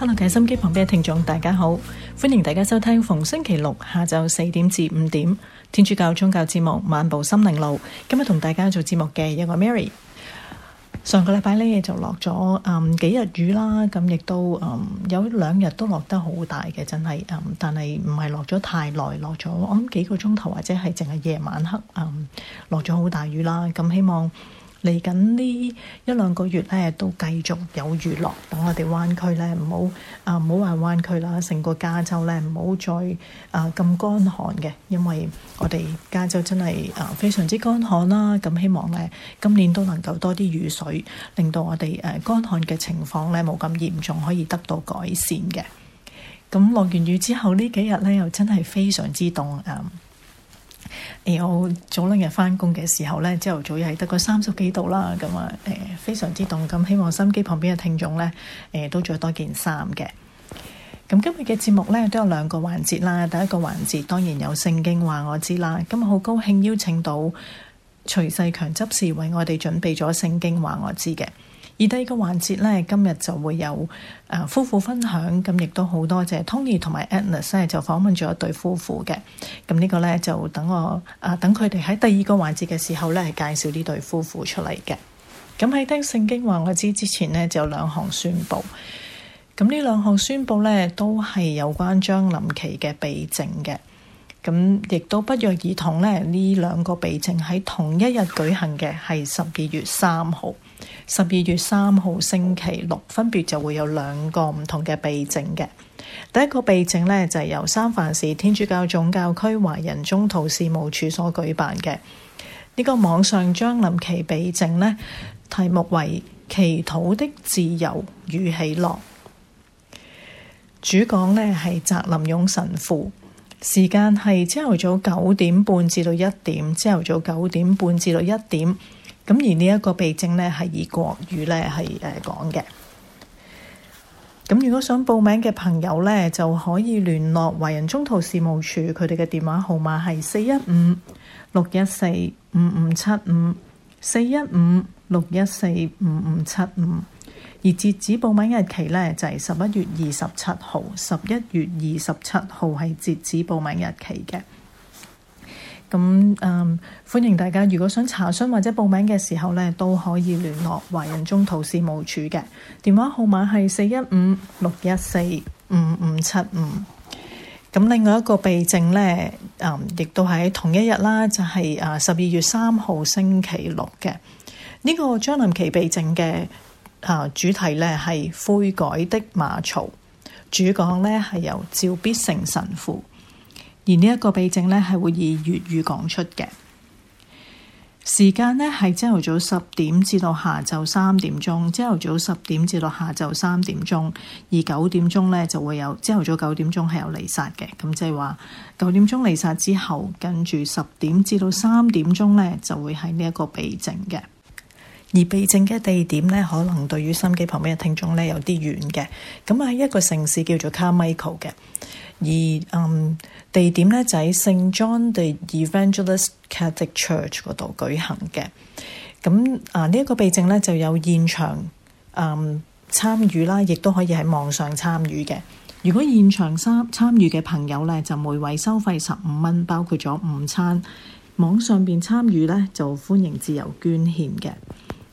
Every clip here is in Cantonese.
Hello，計心機旁邊嘅聽眾大家好，歡迎大家收聽逢星期六下晝四點至五點天主教宗教節目《漫步心靈路》。今日同大家做節目嘅有個 Mary。上個禮拜呢就落咗嗯幾日雨啦，咁亦都嗯有兩日都落得好大嘅，真係嗯，但係唔係落咗太耐，落咗我諗幾個鐘頭或者係淨係夜晚黑嗯落咗好大雨啦。咁希望。嚟緊呢一兩個月咧，都繼續有雨落。等我哋灣區咧，唔好啊，唔好話灣區啦，成個加州咧，唔好再啊咁、呃、乾旱嘅。因為我哋加州真係啊、呃、非常之乾旱啦。咁希望咧，今年都能夠多啲雨水，令到我哋誒乾旱嘅情況咧冇咁嚴重，可以得到改善嘅。咁落完雨之後，幾呢幾日咧又真係非常之凍啊！呃誒、哎，我早兩日翻工嘅時候咧，朝頭早又係得個三十幾度啦，咁啊，誒，非常之凍。咁希望收音機旁邊嘅聽眾咧，誒、嗯，都着多件衫嘅。咁、嗯、今日嘅節目咧都有兩個環節啦。第一個環節當然有聖經話我知啦。今日好高興邀請到徐世強執事為我哋準備咗聖經話我知嘅。而第二個環節呢，今日就會有誒、呃、夫婦分享，咁亦都好多謝 Tony 同埋 Anna。就訪問咗一對夫婦嘅。咁呢個呢，就等我誒、啊、等佢哋喺第二個環節嘅時候呢，係介紹呢對夫婦出嚟嘅。咁喺聽聖經話我知之前呢，就有兩項宣布。咁呢兩項宣布呢，都係有關張林琪嘅病症嘅。咁亦都不約而同呢，呢兩個病症喺同一日舉行嘅，係十二月三號。十二月三號星期六，分別就會有兩個唔同嘅避靜嘅。第一個避靜呢，就係、是、由三藩市天主教總教區華人中途事務處所舉辦嘅呢、這個網上將臨期避靜呢，題目為《祈禱的自由與喜樂》，主講呢係翟林勇神父，時間係朝頭早九點半至到一點，朝頭早九點半至到一點。咁而呢一個避靜呢，係以國語咧係誒講嘅。咁如果想報名嘅朋友呢，就可以聯絡華人中途事務處，佢哋嘅電話號碼係四一五六一四五五七五，四一五六一四五五七五。而截止報名日期呢，就係十一月二十七號，十一月二十七號係截止報名日期嘅。咁嗯，歡迎大家，如果想查詢或者報名嘅時候咧，都可以聯絡華人宗徒事務處嘅電話號碼，係四一五六一四五五七五。咁另外一個避靜咧，嗯，亦都喺同一日啦，就係、是、啊十二月三號星期六嘅呢，這個將臨期避靜嘅啊主題咧係悔改的馬槽，主講咧係由趙必成神父。而呢一個避靜咧，係會以粵語講出嘅。時間咧係朝頭早十點至到下晝三點鐘，朝頭早十點至到下晝三點鐘，而九點鐘咧就會有朝頭早九點，點鐘係有彌撒嘅。咁即係話九點鐘彌撒之後，跟住十點至到三點鐘咧就會係呢一個避靜嘅。而避靜嘅地點呢，可能對於心機旁邊嘅聽眾呢，有啲遠嘅。咁喺一個城市叫做 Carmichael 嘅，而嗯地點呢，就喺 St. John the Evangelist Catholic Church 嗰度舉行嘅。咁啊，呢、這、一個避靜呢，就有現場嗯參與啦，亦都可以喺網上參與嘅。如果現場參參與嘅朋友呢，就每位收費十五蚊，包括咗午餐。網上邊參與呢，就歡迎自由捐獻嘅。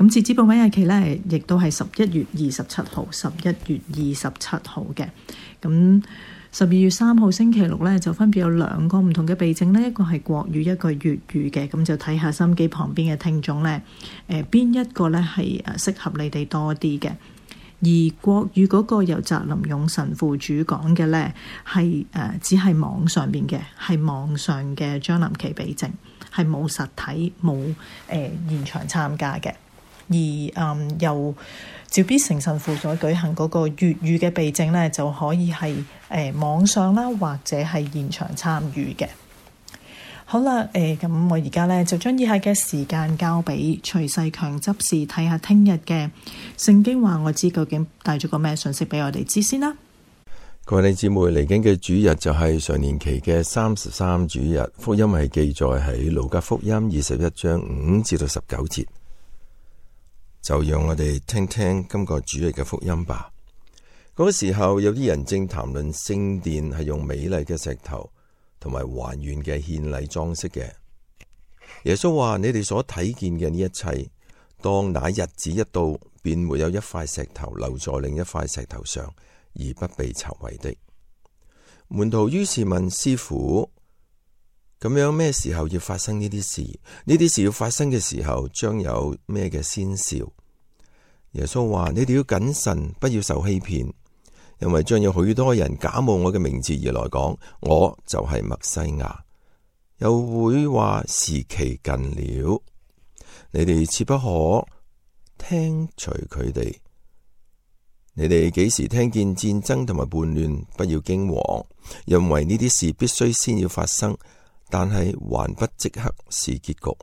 咁截止報名日期呢，亦都係十一月二十七號，十一月二十七號嘅。咁十二月三號星期六呢，就分別有兩個唔同嘅備證呢，一個係國語，一個粵語嘅。咁就睇下心機旁邊嘅聽眾呢，誒、呃、邊一個呢係誒適合你哋多啲嘅。而國語嗰個由澤林勇神父主講嘅呢，係誒、呃、只係網上邊嘅，係網上嘅張林琪備證，係冇實體，冇誒、呃、現場參加嘅。而嗯由趙必成神父所舉行嗰個粵語嘅備證呢，就可以係誒網上啦，或者係現場參與嘅。好啦，誒、欸、咁我而家呢，就將以下嘅時間交俾徐世強執事睇下，聽日嘅聖經話，我知究竟帶咗個咩信息俾我哋知先啦。各位你姊妹，嚟緊嘅主日就係常年期嘅三十三主日，福音係記載喺路加福音二十一章五至到十九節。就讓我哋聽聽今個主日嘅福音吧。嗰、那個、時候有啲人正談論聖殿係用美麗嘅石頭同埋還原嘅獻禮裝飾嘅。耶穌話：「你哋所睇見嘅呢一切，當那日子一到，便沒有一塊石頭留在另一塊石頭上而不被拆毀的。門徒於是問師傅。咁樣咩時候要發生呢啲事？呢啲事要發生嘅時候，將有咩嘅先兆？耶穌話：你哋要謹慎，不要受欺騙，因為將有許多人假冒我嘅名字而來講，我就係墨西亞。又會話時期近了，你哋切不可聽隨佢哋。你哋幾時聽見戰爭同埋叛亂，不要驚惶，因為呢啲事必須先要發生。但係還不即刻是結局。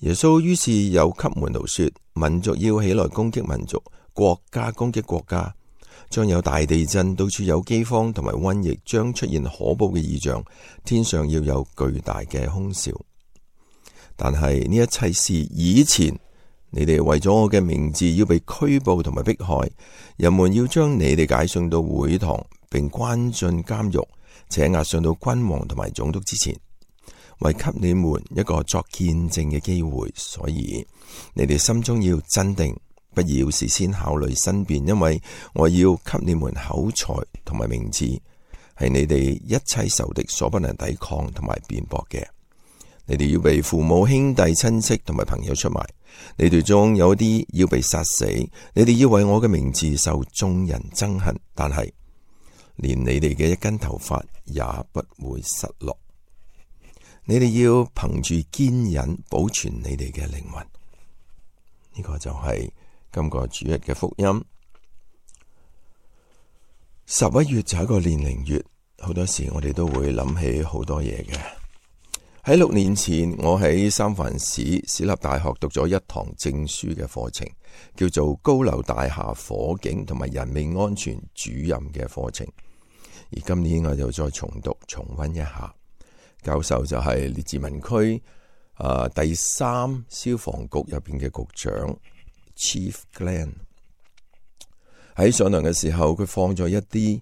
耶穌於是有給門徒說，民族要起來攻擊民族，國家攻擊國家，將有大地震，到處有饑荒同埋瘟疫，將出現可怖嘅異象，天上要有巨大嘅空笑。但係呢一切是以前，你哋為咗我嘅名字要被拘捕同埋迫害，人們要將你哋解送到會堂，並關進監獄。且押上到君王同埋總督之前，為給你們一個作見證嘅機會，所以你哋心中要鎮定，不要事先考慮申辯，因為我要給你們口才同埋名字，係你哋一切仇敵所不能抵抗同埋辯駁嘅。你哋要被父母、兄弟、親戚同埋朋友出賣，你哋中有啲要被殺死，你哋要為我嘅名字受眾人憎恨，但係，連你哋嘅一根頭髮也不會失落，你哋要憑住堅忍保存你哋嘅靈魂。呢、這個就係今個主日嘅福音。十一月就係一個年齡月，好多時我哋都會諗起好多嘢嘅。喺六年前，我喺三藩市史立大學讀咗一堂證書嘅課程。叫做高樓大廈火警同埋人命安全主任嘅課程，而今年我就再重讀重溫一下。教授就係列治文區、呃、第三消防局入邊嘅局長 Chief Glenn 喺上堂嘅時候，佢放咗一啲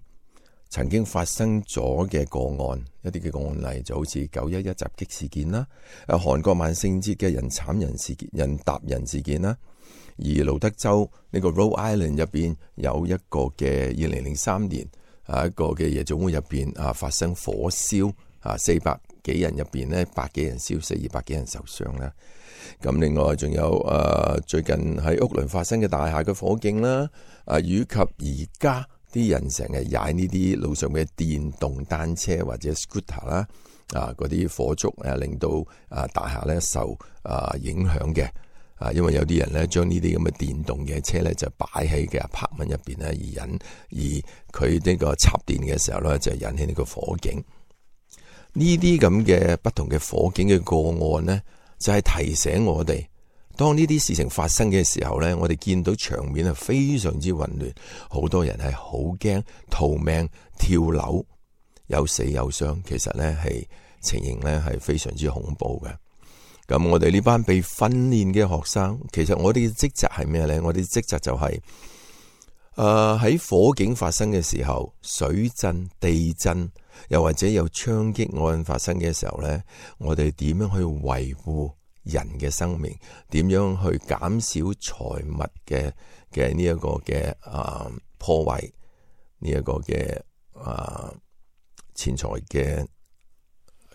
曾經發生咗嘅個案，一啲嘅案例就好似九一一襲擊事件啦，誒韓國萬聖節嘅人慘人事件、人踏人事件啦。而路德州呢個 Rhode Island 入邊有一個嘅二零零三年啊一個嘅夜總會入邊啊發生火燒啊四百幾人入邊咧百幾人燒死，二百幾人受傷啦。咁另外仲有啊最近喺屋輪發生嘅大廈嘅火警啦啊，以及而家啲人成日踩呢啲路上嘅電動單車或者 scooter 啦啊嗰啲火燭誒令到啊大廈咧受啊影響嘅。啊，因為有啲人咧，將呢啲咁嘅電動嘅車咧，就擺喺嘅拍蚊入邊咧，而引而佢呢個插電嘅時候咧，就引起呢個火警。呢啲咁嘅不同嘅火警嘅個案咧，就係、是、提醒我哋，當呢啲事情發生嘅時候咧，我哋見到場面係非常之混亂，好多人係好驚，逃命跳樓，有死有傷，其實咧係情形咧係非常之恐怖嘅。咁我哋呢班被訓練嘅學生，其實我哋嘅職責係咩呢？我哋職責就係、是，誒、呃、喺火警發生嘅時候、水浸、地震，又或者有槍擊案發生嘅時候呢，我哋點樣去維護人嘅生命？點樣去減少財物嘅嘅呢一個嘅誒、啊、破壞呢一個嘅誒、啊、錢財嘅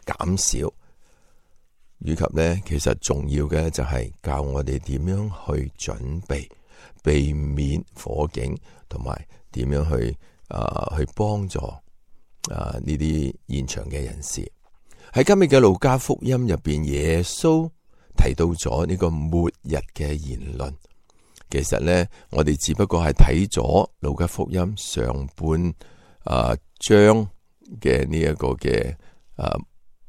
減少？以及咧，其實重要嘅就係教我哋點樣去準備，避免火警，同埋點樣去啊、呃、去幫助啊呢啲現場嘅人士。喺今日嘅路加福音入邊，耶穌提到咗呢個末日嘅言論。其實咧，我哋只不過係睇咗路加福音上半啊、呃、章嘅呢一個嘅啊。呃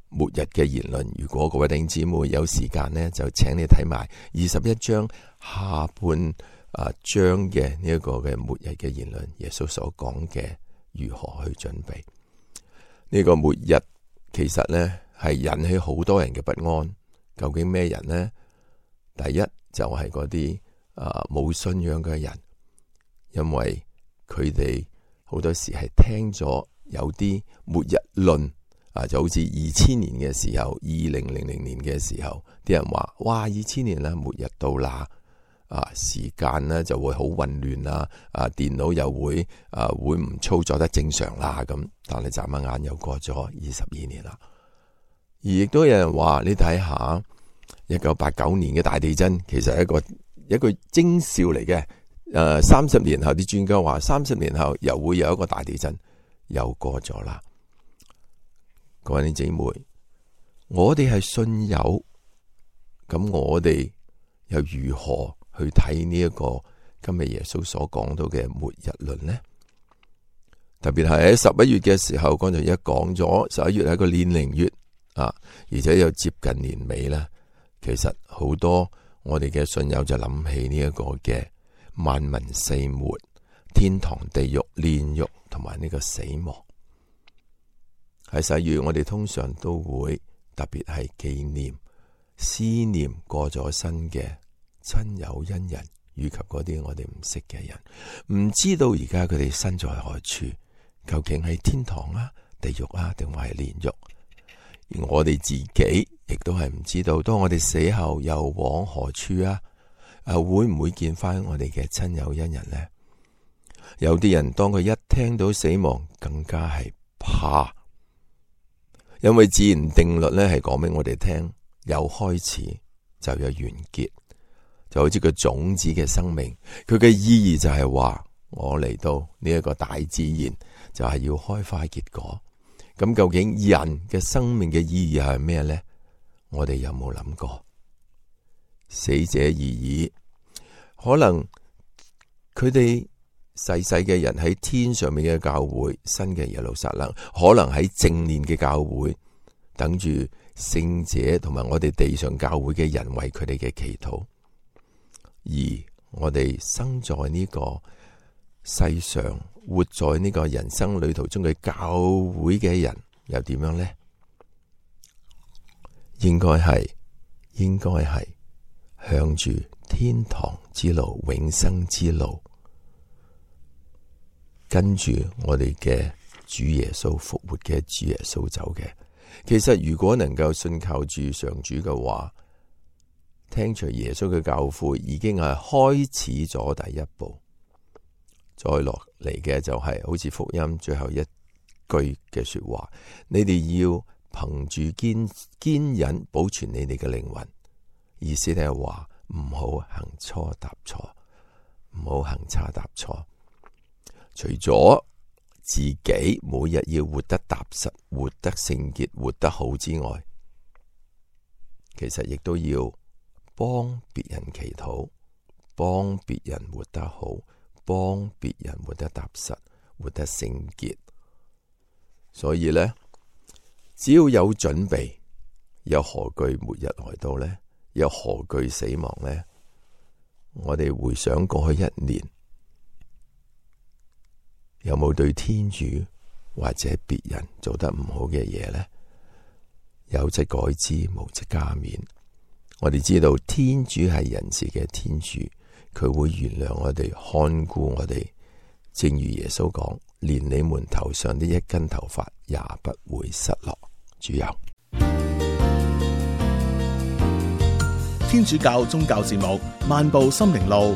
末日嘅言論，如果各位弟兄姊妹有時間呢，就請你睇埋二十一章下半啊章嘅呢個嘅末日嘅言論，耶穌所講嘅如何去準備？呢個末日其實呢係引起好多人嘅不安。究竟咩人呢？第一就係嗰啲啊冇信仰嘅人，因為佢哋好多時係聽咗有啲末日論。啊，就好似二千年嘅時候，二零零零年嘅時候，啲人話：哇，二千年咧，末日到啦！啊，時間咧就會好混亂啦，啊，電腦又會啊會唔操作得正常啦咁。但係眨下眼又過咗二十二年啦。而亦都有人話：你睇下一九八九年嘅大地震，其實係一個一個徵兆嚟嘅誒、啊，三十年後啲專家話，三十年後又會有一個大地震，又過咗啦。各位啲姐妹，我哋係信友，咁我哋又如何去睇呢一個今日耶穌所講到嘅末日論呢？特別係喺十一月嘅時候，剛才一講咗十一月係一個煉靈月啊，而且又接近年尾啦。其實好多我哋嘅信友就諗起呢一個嘅萬民四末、天堂地獄、煉獄同埋呢個死亡。喺世如，我哋通常都會特別係紀念、思念過咗身嘅親友恩人，以及嗰啲我哋唔識嘅人，唔知道而家佢哋身在何處，究竟係天堂啦、啊、地獄啦、啊，定或係煉獄？而我哋自己亦都係唔知道，當我哋死後又往何處啊？誒、啊，會唔會見翻我哋嘅親友恩人呢？有啲人當佢一聽到死亡，更加係怕。因為自然定律咧，係講俾我哋聽，有開始就有完結，就好似個種子嘅生命，佢嘅意義就係話我嚟到呢一個大自然就係、是、要開花結果。咁究竟人嘅生命嘅意義係咩咧？我哋有冇諗過？死者而已，可能佢哋。細細嘅人喺天上面嘅教會，新嘅耶路撒冷，可能喺正面嘅教會等住聖者，同埋我哋地上教會嘅人為佢哋嘅祈禱。而我哋生在呢個世上，活在呢個人生旅途中嘅教會嘅人，又點樣呢？應該係，應該係向住天堂之路，永生之路。跟住我哋嘅主耶穌復活嘅主耶穌走嘅。其實如果能夠信靠住上主嘅話，聽從耶穌嘅教誨，已經係開始咗第一步。再落嚟嘅就係、是、好似福音最後一句嘅說話，你哋要憑住堅堅忍保存你哋嘅靈魂。意思就係話唔好行錯踏錯，唔好行差踏錯。除咗自己每日要活得踏實、活得聖潔、活得好之外，其實亦都要幫別人祈禱，幫別人活得好，幫別人活得踏實、活得聖潔。所以呢，只要有準備，又何懼末日來到呢？又何懼死亡呢？我哋回想過去一年。有冇對天主或者別人做得唔好嘅嘢呢？有則改之，無則加勉。我哋知道天主係人士嘅天主，佢會原諒我哋，看顧我哋。正如耶穌講：連你們頭上的一根頭髮也不會失落。主有天主教宗教節目《漫步心靈路》。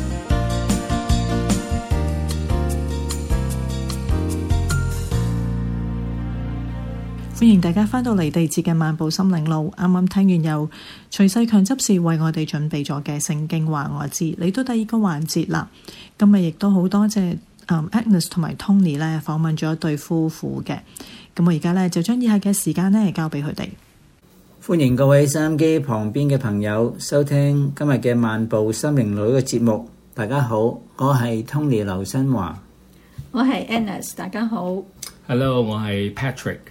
歡迎大家翻到嚟地節嘅漫步心靈路。啱啱聽完有徐世強執事為我哋準備咗嘅聖經話我知，嚟到第二個環節啦。今日亦都好多謝，Agnes 同埋 Tony 呢訪問咗一對夫婦嘅。咁我而家呢就將以下嘅時間呢交俾佢哋。歡迎各位收音機旁邊嘅朋友收聽今日嘅漫步心靈路嘅節目。大家好，我係 Tony 劉新華，我係 Agnes，大家好。Hello，我係 Patrick。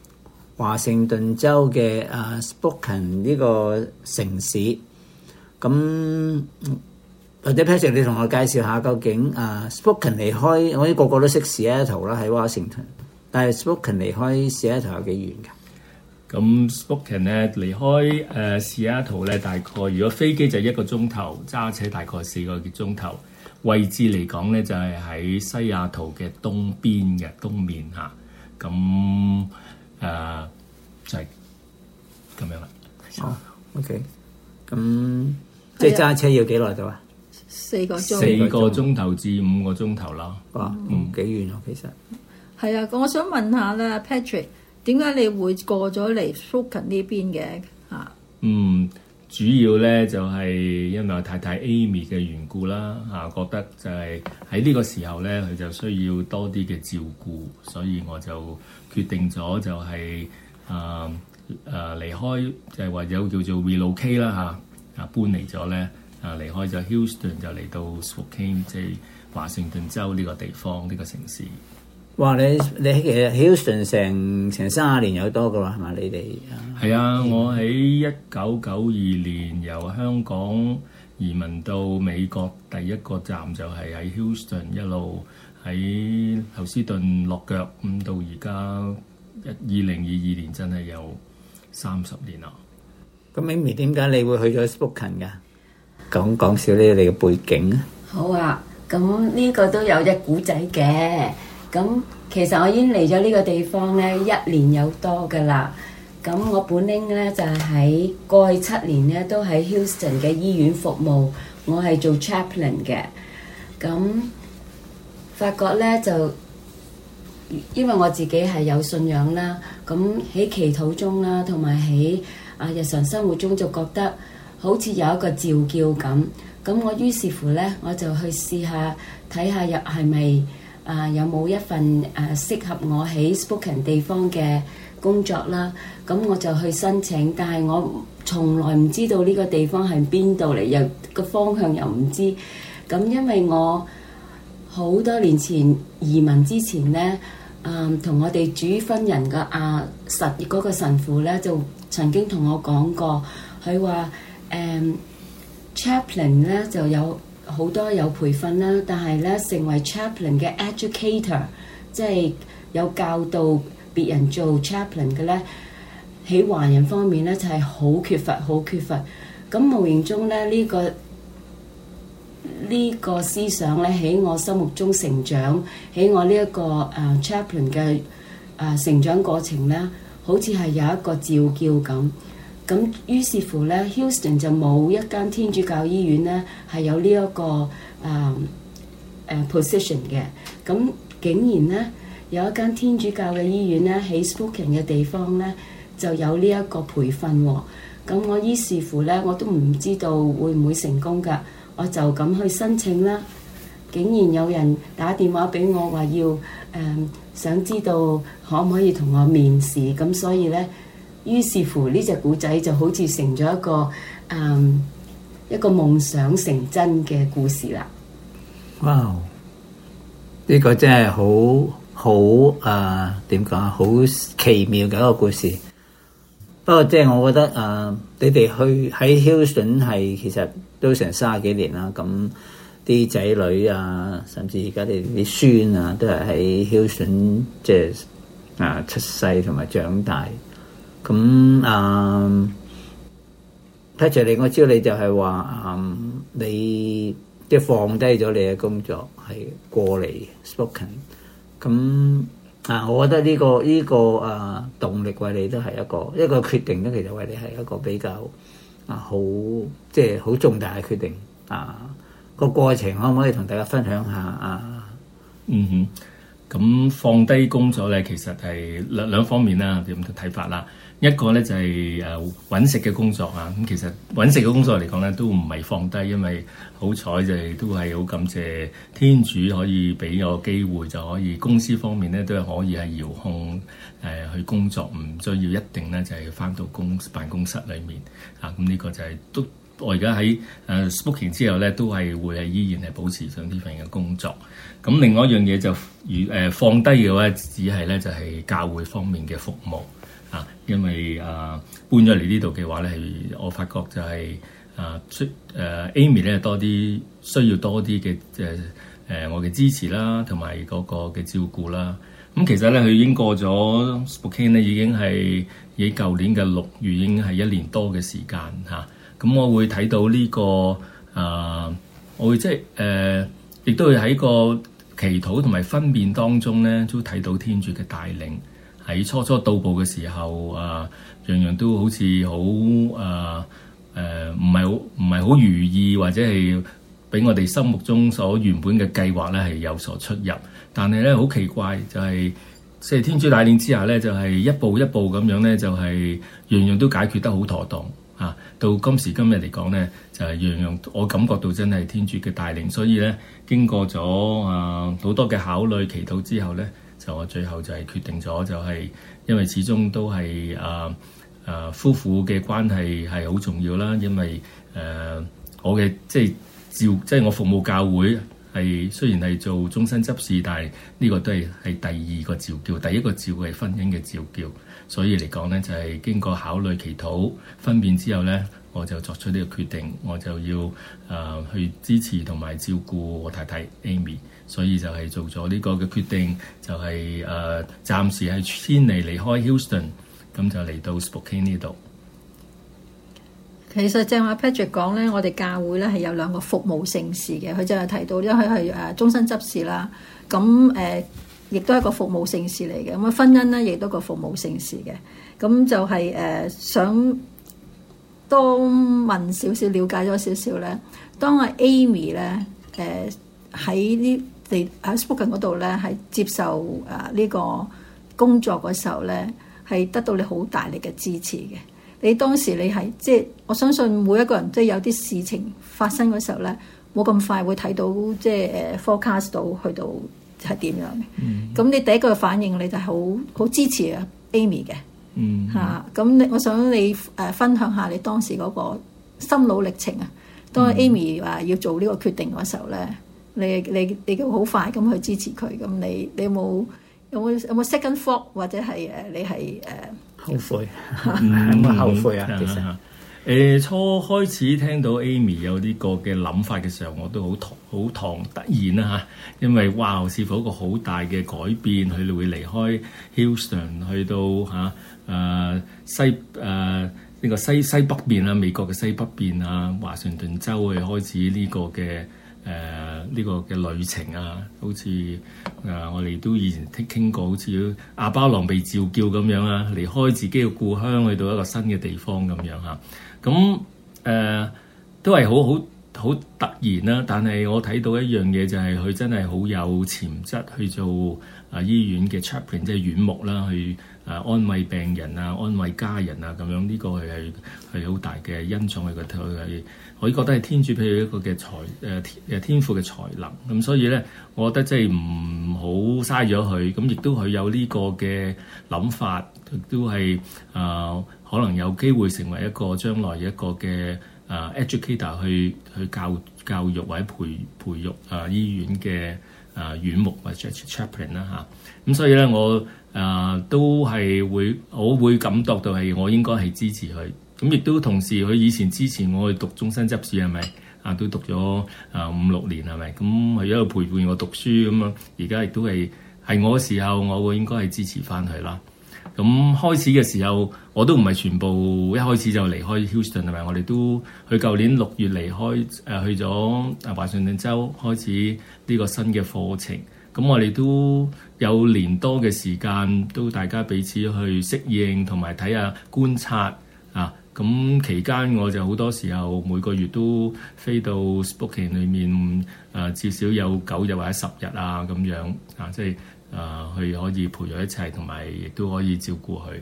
華盛頓州嘅啊，uh, Spokane 呢個城市。咁或者 Patrick 你同我介紹下究竟啊，uh, Spokane 離開我啲個個都識 Seattle 啦，喺華盛頓。但係 Spokane 離開 Seattle 有幾遠嘅？咁 Spokane 咧離開誒 Seattle 咧大概如果飛機就一個鐘頭，揸車大概四個幾鐘頭。位置嚟講咧就係、是、喺西雅圖嘅東邊嘅東面嚇。咁、啊。嗯 Uh, 啊，就係咁樣啦。哦，OK，咁即係揸車要幾耐到啊？四個鐘四個鐘頭至五個鐘頭啦。哇，嗯，幾遠啊，其實係啊，我想問,問下咧，Patrick，點解你會過咗嚟蘇格蘭呢邊嘅啊？嗯。主要咧就係因為太太 Amy 嘅緣故啦嚇、啊，覺得就係喺呢個時候咧，佢就需要多啲嘅照顧，所以我就決定咗就係誒誒離開，就係話有叫做 relocate 啦嚇，啊搬嚟咗咧啊離開咗 Houston 就嚟到 Spokane 即係華盛頓州呢個地方呢個城市。哇！你你喺其實喺休斯頓成成三廿年有多噶啦，係嘛？你哋係啊！我喺一九九二年由香港移民到美國，第一個站就係喺休斯頓一路喺休斯頓落腳，咁到而家一二零二二年，真年，真係有三十年啦。咁 Mimi m 點解你會去咗 Spoken 噶？講講少啲你嘅背景啊！好啊！咁呢個都有一古仔嘅。咁其實我已經嚟咗呢個地方咧一年有多噶啦。咁我本應咧就係、是、喺過去七年咧都喺 Houston 嘅醫院服務，我係做 chaplain 嘅。咁發覺咧就，因為我自己係有信仰啦，咁喺祈禱中啦，同埋喺啊日常生活中就覺得好似有一個召叫咁。咁我於是乎咧，我就去試下睇下入係咪。看看是啊，有冇一份誒、啊、適合我喺 Spokane 地方嘅工作啦？咁、啊、我就去申請，但係我從來唔知道呢個地方係邊度嚟，又個方向又唔知。咁、啊、因為我好多年前移民之前呢，啊，同我哋主婚人嘅阿實嗰個神父呢，就曾經同我講過，佢話誒、啊、Chaplain 呢，就有。好多有培訓啦，但係咧，成為 chaplain 嘅 educator，即係有教導別人做 chaplain 嘅咧，喺華人方面咧就係、是、好缺乏，好缺乏。咁無形中咧呢、呢個呢、呢個思想咧喺我心目中成長，喺我呢一個誒 chaplain 嘅誒成長過程咧，好似係有一個召叫咁。咁於是乎呢 Houston 就冇一間天主教醫院呢，係有呢、這、一個誒誒、uh, uh, position 嘅。咁竟然呢，有一間天主教嘅醫院呢，喺 Spoken 嘅地方呢，就有呢一個培訓喎。咁我於是乎呢，我都唔知道會唔會成功㗎，我就咁去申請啦。竟然有人打電話俾我話要誒、uh, 想知道可唔可以同我面試，咁所以呢。於是乎呢隻古仔就好似成咗一個誒、嗯、一個夢想成真嘅故事啦。哇！呢、這個真係好好，誒，點講啊，好奇妙嘅一個故事。不過即係我覺得誒、啊，你哋去喺 Hilton 係其實都成卅幾年啦，咁啲仔女啊，甚至而家你哋啲孫啊，都係喺 Hilton 即、就、係、是、啊出世同埋長大。咁啊 p a t r 你我知道你就係話、嗯，你即係、就是、放低咗你嘅工作，係過嚟 spoken、嗯。咁啊，我覺得呢、這個呢、這個啊動力為你都係一個一個決定咧。其實為你係一個比較啊好，即係好重大嘅決定啊。個過程可唔可以同大家分享下啊？嗯哼，咁放低工作咧，其實係兩兩方面啦，有咁睇法啦。一個咧就係誒揾食嘅工作啊！咁其實揾食嘅工作嚟講咧，都唔係放低，因為好彩就係都係好感謝天主可以俾我機會，就可以公司方面咧都係可以喺遙控誒、啊、去工作，唔需要一定咧就係、是、翻到公辦公室裏面啊！咁、嗯、呢、這個就係、是、都我而家喺誒 booking 之後咧，都係會係依然係保持上呢份嘅工作。咁、啊、另外一樣嘢就如誒、啊、放低嘅話，只係咧就係、是、教會方面嘅服務。啊，因為啊搬咗嚟呢度嘅話咧，係我發覺就係啊出誒 Amy 咧多啲需要多啲嘅即係誒我嘅支持啦，同埋嗰個嘅照顧啦。咁其實咧佢已經過咗 Spokane 咧，已經係以舊年嘅六月已經係一年多嘅時間嚇。咁我會睇到呢、這個啊、呃，我會即係誒，亦、呃、都會喺個祈禱同埋分辨當中咧，都睇到天主嘅帶領。喺初初到步嘅時候啊，樣樣都好似好誒誒，唔係好唔係好如意，或者係俾我哋心目中所原本嘅計劃咧，係有所出入。但係咧好奇怪，就係即係天主帶領之下咧，就係一步一步咁樣咧，就係樣樣都解決得好妥當啊！到今時今日嚟講咧，就係樣樣我感覺到真係天主嘅帶領，所以咧經過咗啊好多嘅考慮祈禱之後咧。就我最後就係決定咗，就係因為始終都係啊啊夫婦嘅關係係好重要啦，因為誒、呃、我嘅即係照即係我服務教會。係雖然係做終身執事，但係呢個都係係第二個召叫，第一個召係婚姻嘅召叫，所以嚟講呢，就係、是、經過考慮、祈禱、分辨之後呢，我就作出呢個決定，我就要誒、呃、去支持同埋照顧我太太 Amy，所以就係做咗呢個嘅決定，就係誒暫時係遷離離開 Houston，咁就嚟到 Spokane、ok、呢度。其實正話 Patrick 講咧，我哋教會咧係有兩個服務聖事嘅，佢就係提到因為佢係誒終身執事啦，咁誒亦都係個服務聖事嚟嘅。咁、嗯、啊婚姻咧亦都個服務聖事嘅，咁就係、是、誒、呃、想多問少少，了解咗少少咧。當阿 Amy 咧誒喺呢地喺 Spoken 嗰度咧，係、呃啊、接受誒呢個工作嘅時候咧，係得到你好大力嘅支持嘅。你當時你係即係我相信每一個人即係有啲事情發生嗰時候咧，冇咁快會睇到即係誒 forecast 到去到係點樣嘅。咁、mm hmm. 你第一個反應你就係好好支持 Amy 嘅。嚇、mm，咁、hmm. 你、啊、我想你誒分享下你當時嗰個心路歷程啊。當 Amy 話要做呢個決定嗰時候咧、mm hmm.，你你你好快咁去支持佢，咁你，你有冇？有冇有冇 second thought 或者係誒你係誒、uh, 後悔有冇 後悔啊？其實、嗯啊呃、初開始聽到 Amy 有呢個嘅諗法嘅時候，我都好好唐突然啦、啊、嚇，因為哇似乎一個好大嘅改變，佢哋會離開 Hilton 去到嚇誒、啊、西誒呢、啊這個西西北邊啊美國嘅西北邊啊華盛頓州去開始呢個嘅。誒呢、呃、這個嘅旅程啊，好似誒、呃、我哋都以前傾傾過，好似阿巴郎被召叫咁樣啊，離開自己嘅故鄉去到一個新嘅地方咁樣嚇、啊，咁、嗯、誒、呃、都係好好。好突然啦，但係我睇到一樣嘢就係、是，佢真係好有潛質去做啊、呃、醫院嘅 chaplain 即係院牧啦，去啊、呃、安慰病人啊，安慰家人啊，咁樣、這個個呃、呢個係係好大嘅恩寵。佢佢係，我覺得係天主俾佢一個嘅才誒誒天賦嘅才能。咁所以咧，我覺得即係唔好嘥咗佢，咁亦都佢有呢個嘅諗法，亦都係啊、呃、可能有機會成為一個將來一個嘅。啊、uh,，educator 去去教教育或者培培育啊、呃，醫院嘅、呃、主持人啊院牧或者 chaplain 啦嚇，咁所以咧我啊、呃、都係會，我會感覺到係我應該係支持佢。咁亦都同時佢以前支持我去讀終身執事係咪啊？都讀咗啊、呃、五六年係咪？咁佢一路陪伴我讀書咁樣，而家亦都係係我嘅時候，我會應該係支持翻佢啦。咁開始嘅時候，我都唔係全部一開始就離開 Houston，係咪？我哋都去舊年六月離開誒、呃，去咗華盛頓州開始呢個新嘅課程。咁我哋都有年多嘅時間，都大家彼此去適應同埋睇下觀察啊。咁期間我就好多時候每個月都飛到 Spokane 裏面誒、啊，至少有九日或者十日啊咁樣啊，即係。啊，佢、uh，可以陪在一齊，同埋亦都可以照顧佢。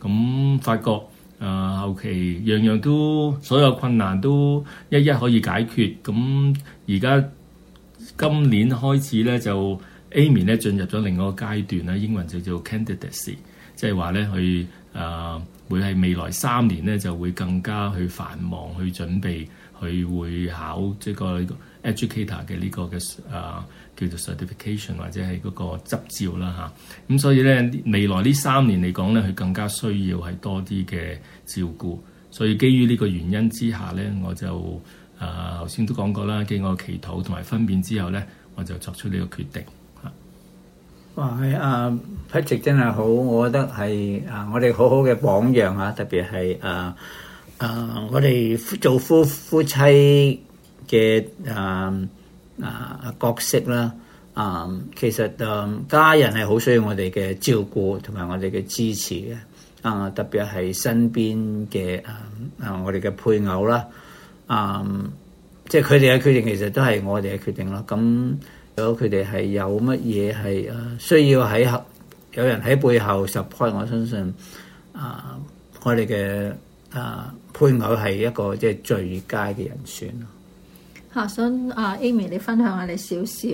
咁發覺啊，後期樣、啊、樣都，所有困難都一一可以解決。咁而家今年開始咧，就 Amy 咧進入咗另一個階段啦，英文就叫做 Candidacy，即係話咧去啊。會係未來三年咧，就會更加去繁忙去準備，去會考即個 educator 嘅呢、這個嘅啊叫做 certification 或者係嗰個執照啦吓，咁、啊、所以咧，未來呢三年嚟講咧，佢更加需要係多啲嘅照顧。所以基於呢個原因之下咧，我就啊頭先都講過啦，經過祈禱同埋分辨之後咧，我就作出呢個決定。哇！係啊，Patrick 真係好，我覺得係啊，我哋好好嘅榜樣啊，啊，啊，啊，啊，啊，啊，特別係啊啊，我哋做夫夫妻嘅啊啊角色啦，啊其實啊家人係好需要我哋嘅照顧同埋我哋嘅支持嘅啊，特別係身邊嘅啊啊我哋嘅配偶啦，啊即係佢哋嘅決定，其實都係我哋嘅決定啦，咁。如果佢哋係有乜嘢係啊，需要喺後有人喺背後 support，我相信啊，我哋嘅啊配偶係一個即係最佳嘅人選咯。吓，想阿 Amy 你分享下你少少，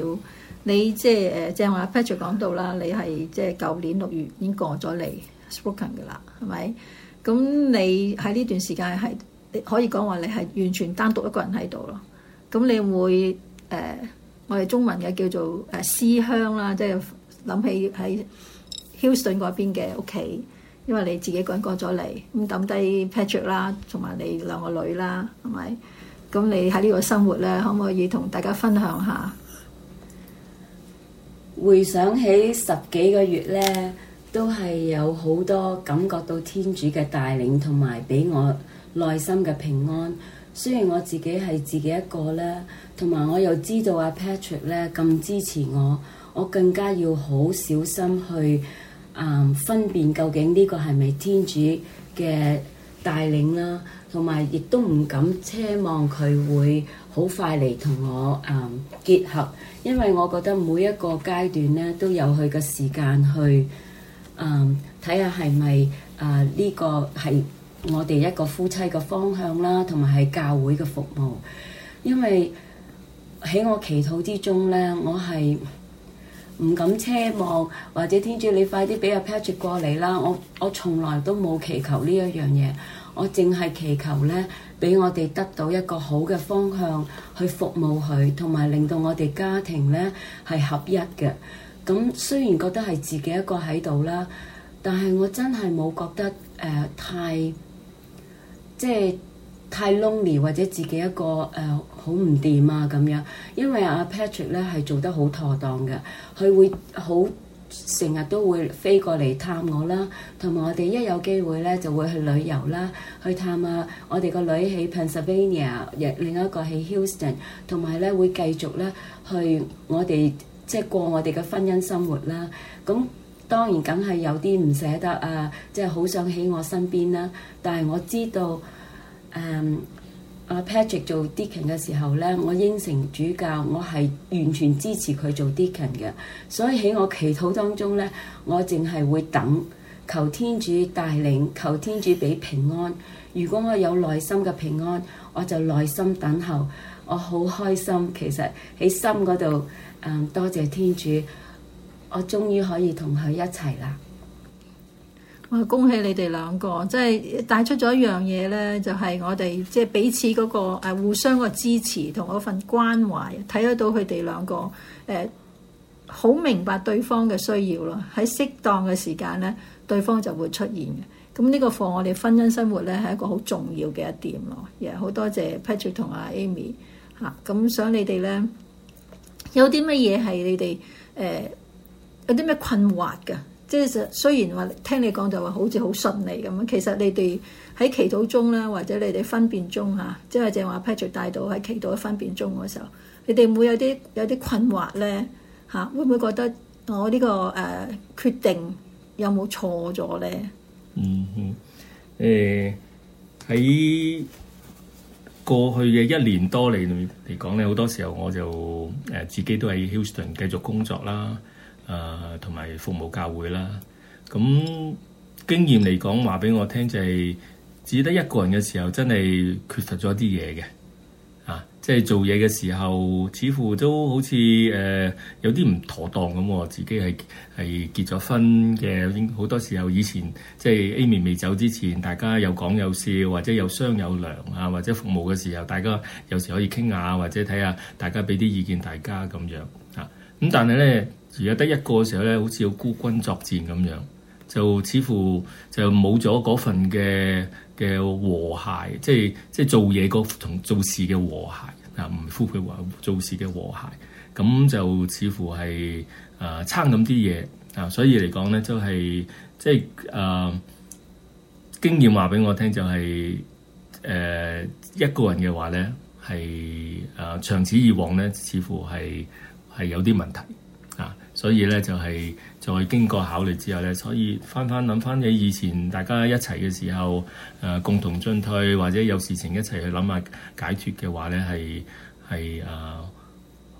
你即係誒，正如阿 Patrick 講到啦，你係即係舊年六月已經過咗嚟 spoken 噶啦，係咪？咁你喺呢段時間係你可以講話，你係完全單獨一個人喺度咯。咁你會誒？呃我哋中文嘅叫做誒思鄉啦，即係諗起喺 h 喬遜嗰邊嘅屋企，因為你自己個人過咗嚟，咁抌低 Patrick 啦，同埋你兩個女啦，係咪？咁你喺呢個生活咧，可唔可以同大家分享下？回想起十幾個月咧，都係有好多感覺到天主嘅帶領，同埋俾我內心嘅平安。雖然我自己係自己一個啦，同埋我又知道阿 Patrick 咧咁支持我，我更加要好小心去啊、嗯、分辨究竟呢個係咪天主嘅帶領啦，同埋亦都唔敢奢望佢會好快嚟同我啊、嗯、結合，因為我覺得每一個階段咧都有佢嘅時間去啊睇、嗯、下係咪啊呢個係。我哋一個夫妻嘅方向啦，同埋係教會嘅服務。因為喺我祈禱之中呢，我係唔敢奢望或者天主你快啲俾阿 Patrick 過嚟啦。我我從來都冇祈求呢一樣嘢，我淨係祈求呢俾我哋得到一個好嘅方向去服務佢，同埋令到我哋家庭呢係合一嘅。咁雖然覺得係自己一個喺度啦，但係我真係冇覺得誒、呃、太。即係太 lonely 或者自己一個誒好唔掂啊咁樣，因為阿、啊、Patrick 咧係做得好妥當嘅，佢會好成日都會飛過嚟探我啦，同埋我哋一有機會咧就會去旅遊啦，去探下、啊、我哋個女喺 Pennsylvania，另一個喺 Houston，同埋咧會繼續咧去我哋即係過我哋嘅婚姻生活啦，咁。當然梗係有啲唔捨得啊，即係好想喺我身邊啦。但係我知道，誒、嗯、阿、啊、Patrick 做 Deacon 嘅時候呢，我應承主教，我係完全支持佢做 Deacon 嘅。所以喺我祈禱當中呢，我淨係會等，求天主帶領，求天主俾平安。如果我有內心嘅平安，我就耐心等候。我好開心，其實喺心嗰度、嗯，多謝天主。我終於可以同佢一齊啦！我恭喜你哋兩個，即係帶出咗一樣嘢咧，就係我哋即係彼此嗰個互相個支持同嗰份關懷，睇得到佢哋兩個誒，好明白對方嘅需要咯。喺適當嘅時間咧，對方就會出現嘅。咁呢個放我哋婚姻生活咧係一個好重要嘅一點咯。亦好多謝 Patrick 同阿 Amy 嚇咁。啊、想你哋咧有啲乜嘢係你哋誒？呃有啲咩困惑㗎？即係實雖然話聽你講就話好似好順利咁樣，其實你哋喺祈禱中啦，或者你哋分辨中嚇，即係正話 Patrick 帶到喺祈禱嘅分辨中嗰時候，你哋會有啲有啲困惑咧嚇、啊？會唔會覺得我呢、呢個誒、呃、決定有冇錯咗咧、嗯？嗯嗯喺、呃、過去嘅一年多嚟嚟講咧，好多時候我就誒、呃、自己都喺 Houston 繼續工作啦。誒同埋服務教會啦，咁經驗嚟講話俾我聽、就是，就係只得一個人嘅時候，真係缺乏咗啲嘢嘅啊。即係做嘢嘅時候，似乎都好似誒、呃、有啲唔妥當咁。自己係係結咗婚嘅，好多時候以前即係 Amy 未走之前，大家有講有笑，或者有商有量啊，或者服務嘅時候，大家有時可以傾下，或者睇下大家俾啲意見，大家咁樣啊。咁但係咧。而家得一個嘅時候咧，好似要孤軍作戰咁樣，就似乎就冇咗嗰份嘅嘅和諧，即係即係做嘢同做事嘅和諧啊，唔呼佢話做事嘅和諧，咁就似乎係誒、呃、撐緊啲嘢啊，所以嚟講咧，就係、是、即係誒、呃、經驗話俾我聽、就是，就係誒一個人嘅話咧，係誒、呃、長此以往咧，似乎係係有啲問題。所以咧就係再經過考慮之後咧，所以翻翻諗翻起以前大家一齊嘅時候，誒、呃、共同進退或者有事情一齊去諗下解決嘅話咧，係係誒好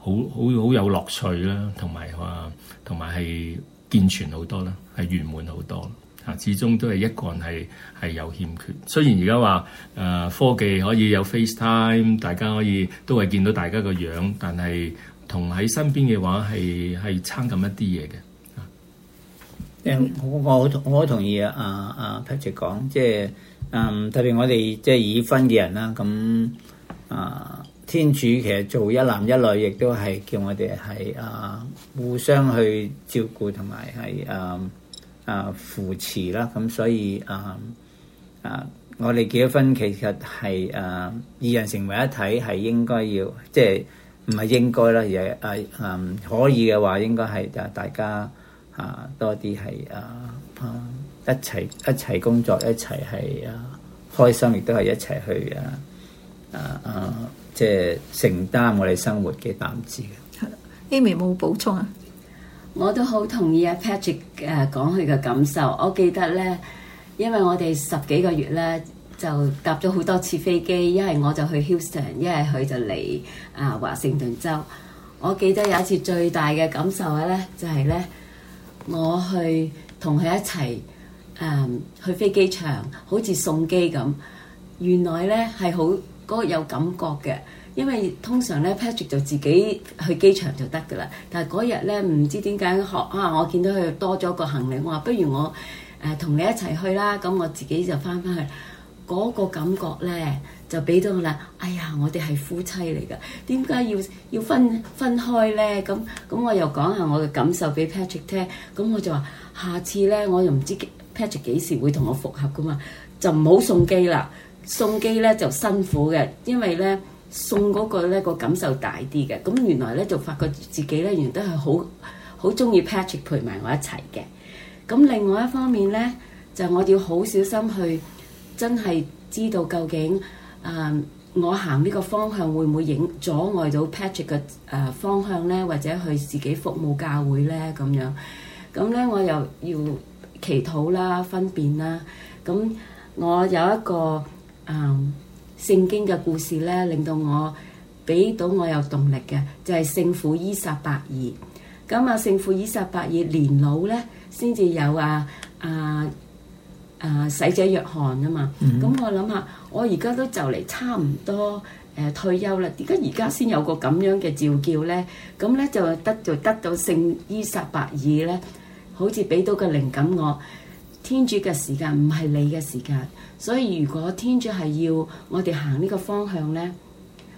好好有樂趣啦，同埋話同埋係健全好多啦，係圓滿好多。啊，始終都係一個人係係有欠缺。雖然而家話誒科技可以有 FaceTime，大家可以都係見到大家個樣，但係。同喺身邊嘅話，係係撐緊一啲嘢嘅。誒、嗯，我我我同意啊！阿、啊、阿 Patrick 講，即係嗯，特別我哋即係已婚嘅人啦，咁啊，天主其實做一男一女，亦都係叫我哋係啊互相去照顧同埋係啊啊扶持啦。咁、啊、所以啊啊，我哋結咗婚，其實係啊二人成為一體，係應該要即係。唔係應該啦，而係啊嗯可以嘅話，應該係就大家啊多啲係啊一齊一齊工作，一齊係啊開心，亦都係一齊去啊啊啊即係承擔我哋生活嘅擔子。係啦，Amy 冇補充啊？我都好同意阿 Patrick 誒講佢嘅感受。我記得咧，因為我哋十幾個月咧，就搭咗好多次飛機，一係我就去 Houston，一係佢就嚟啊華盛頓州。我記得有一次最大嘅感受咧，就係、是、咧，我去同佢一齊誒、嗯、去飛機場，好似送機咁。原來咧係好嗰個有感覺嘅，因為通常咧 Patrick 就自己去機場就得噶啦。但係嗰日咧唔知點解學啊，我見到佢多咗個行李，我話不如我誒同、呃、你一齊去啦，咁我自己就翻返去。嗰個感覺咧，就俾到我啦。哎呀，我哋係夫妻嚟噶，點解要要分分開呢？咁咁，我又講下我嘅感受俾 Patrick 聽。咁我就話：下次呢，我又唔知 Patrick 幾時會同我復合噶嘛，就唔好送機啦。送機呢就辛苦嘅，因為呢，送嗰個呢、個感受大啲嘅。咁原來呢，就發覺自己呢，原來都係好好中意 Patrick 陪埋我一齊嘅。咁另外一方面呢，就我哋要好小心去。真係知道究竟啊、呃，我行呢個方向會唔會影阻礙到 Patrick 嘅誒、呃、方向呢？或者去自己服務教會呢？咁樣？咁呢，我又要祈禱啦、分辨啦。咁我有一個啊聖、呃、經嘅故事呢，令到我俾到我有動力嘅，就係聖父依撒伯爾。咁啊，聖父依撒伯爾年老呢，先至有啊啊～啊，洗者若翰啊嘛，咁、嗯嗯、我諗下，我而家都就嚟差唔多誒、呃、退休啦，點解而家先有個咁樣嘅召叫呢？咁呢就得就得到聖伊撒伯爾呢，好似俾到個靈感我，天主嘅時間唔係你嘅時間，所以如果天主係要我哋行呢個方向呢，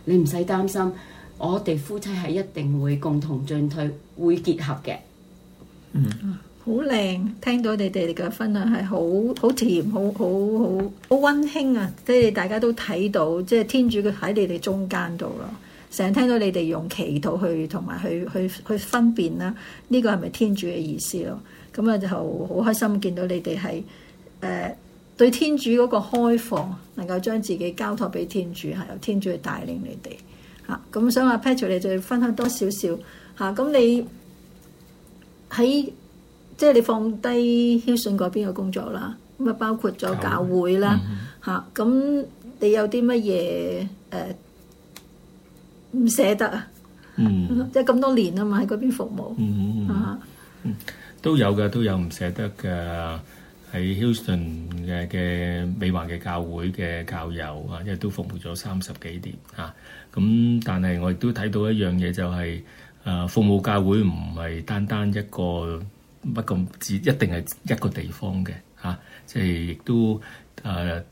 你唔使擔心，我哋夫妻係一定會共同進退，會結合嘅。嗯。好靚，聽到你哋嘅分享係好好甜，好好好好溫馨啊！即係大家都睇到，即係天主佢喺你哋中間度咯。成日聽到你哋用祈禱去同埋去去去分辨啦，呢、這個係咪天主嘅意思咯？咁啊就好開心見到你哋係誒對天主嗰個開放，能夠將自己交託俾天主，係由天主去帶領你哋嚇。咁、啊、想以阿 Patrick 你再分享多少少嚇，咁、啊、你喺。即係你放低 Houston 嗰邊嘅工作啦，咁啊包括咗教會啦嚇。咁你有啲乜嘢誒唔捨得啊？嗯，即係咁多年啊嘛，喺嗰邊服務。嗯嗯嗯。啊，嗯都有嘅，都有唔捨得嘅喺 Houston 嘅嘅美華嘅教會嘅教友啊，因為都服務咗三十幾年啊。咁但係我亦都睇到一樣嘢，就係誒服務教會唔係單單一個。不過，只一定係一個地方嘅嚇，即係亦都誒、啊、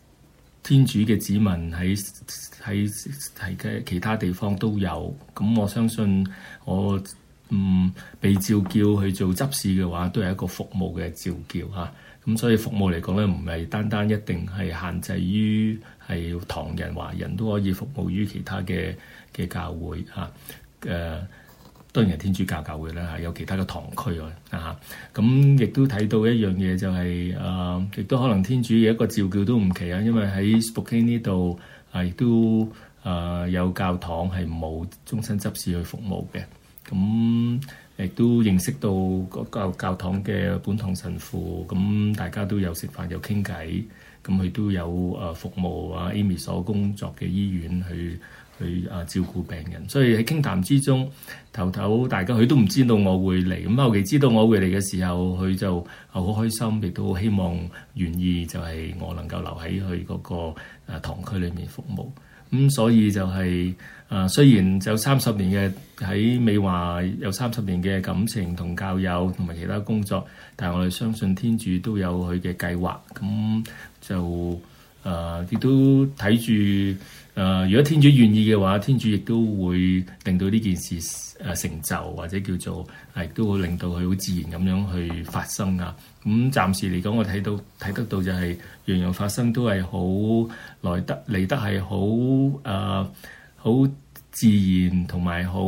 天主嘅子民喺喺喺嘅其他地方都有。咁我相信我唔、嗯、被召叫去做執事嘅話，都係一個服務嘅召叫嚇。咁、啊、所以服務嚟講咧，唔係單單一定係限制於係唐人華人，都可以服務於其他嘅嘅教會嚇誒。啊啊當然係天主教教會啦。嚇，有其他嘅堂區啊，咁亦都睇到一樣嘢就係誒，亦都可能天主嘅一個召叫都唔奇啊，因為喺 Spokane 呢度係都誒有教堂係冇終身執事去服務嘅，咁亦都認識到個教教堂嘅本堂神父，咁大家都有食飯有傾偈，咁佢都有誒服務啊 Amy 所工作嘅醫院去。去啊照顧病人，所以喺傾談，談之中，頭頭大家佢都唔知道我會嚟，咁後期知道我會嚟嘅時候，佢就好開心，亦都希望願意就係我能夠留喺佢嗰個堂區裏面服務，咁所以就係啊雖然有三十年嘅喺美華有三十年嘅感情同教友同埋其他工作，但係我哋相信天主都有佢嘅計劃，咁就。誒亦、呃、都睇住誒，如果天主願意嘅話，天主亦都會令到呢件事誒成就，或者叫做係都會令到佢好自然咁樣去發生啊，咁、嗯、暫時嚟講，我睇到睇得到就係、是、樣樣發生都係好來得嚟得係好誒好自然同埋好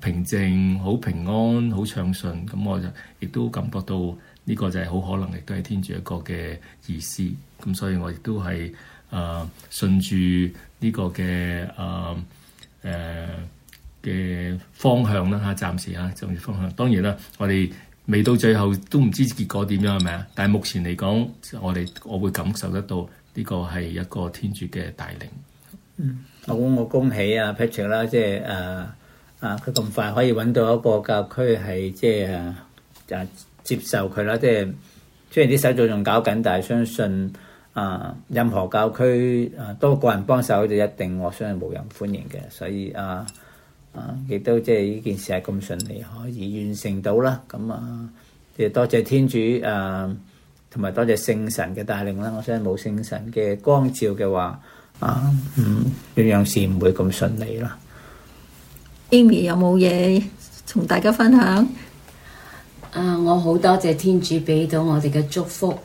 平靜、好平安、好暢順。咁、嗯、我就亦都感覺到。呢個就係好可能亦都係天主一個嘅意思。咁所以我亦都係誒順住呢個嘅誒誒嘅方向啦，嚇暫時嚇就係方向。當然啦，我哋未到最後都唔知結果點樣係咪啊？但係目前嚟講，我哋我會感受得到呢、這個係一個天主嘅帶領。嗯，好，我恭喜啊 Patrick 啦，即係誒啊佢咁、啊、快可以揾到一個教區係即係誒就。啊接受佢啦，即係雖然啲手續仲搞緊，但係相信啊，任何教區啊多個人幫手就一定我相信冇人歡迎嘅，所以啊啊亦都即係呢件事係咁順利可以完成到啦，咁啊亦多謝天主啊，同埋多謝聖神嘅帶領啦，我相信冇聖神嘅光照嘅話啊嗯，呢樣事唔會咁順利啦。Amy 有冇嘢同大家分享？啊！Uh, 我好多謝天主俾到我哋嘅祝福。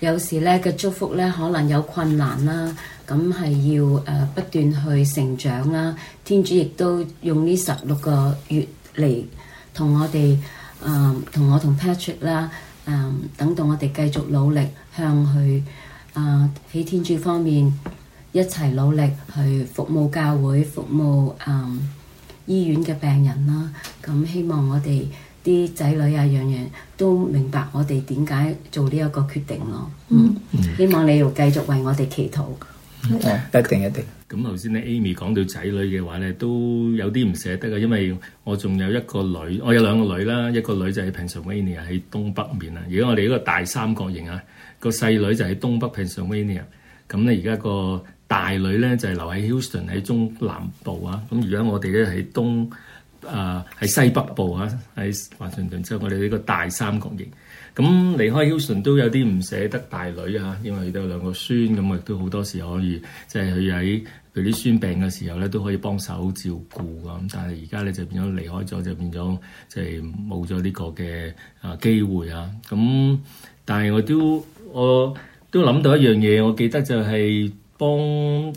有時咧嘅祝福咧，可能有困難啦，咁係要誒、uh, 不斷去成長啦。天主亦都用呢十六個月嚟同我哋誒同我同 Patrick 啦誒，uh, 等到我哋繼續努力向佢誒喺天主方面一齊努力去服務教會、服務誒、um, 醫院嘅病人啦。咁希望我哋啲仔女啊，樣樣都明白我哋點解做呢一個決定咯。嗯，希望你要繼續為我哋祈禱。一定一定。咁頭先咧，Amy 講到仔女嘅話咧，都有啲唔捨得啊，因為我仲有一個女，我有兩個女啦，一個女就喺 Pennsylvania 喺東北面啊。而家我哋呢個大三角形啊，個細女就喺東北 Pennsylvania，咁咧而家個大女咧就係留喺 Houston 喺中南部啊。咁而家我哋咧喺東。啊，喺、uh, 西北部啊，喺、uh, 華盛頓州，我哋呢個大三角形，咁離開 Ushun 都有啲唔捨得大女啊，uh, 因為佢都有兩個孫，咁啊都好多時可以，即係佢喺佢啲孫病嘅時候咧，都可以幫手照顧咁。Uh, 但係而家咧就變咗離開咗，就變咗即係冇咗呢個嘅啊機會啊。咁、uh, 但係我都我都諗到一樣嘢，我記得就係、是。幫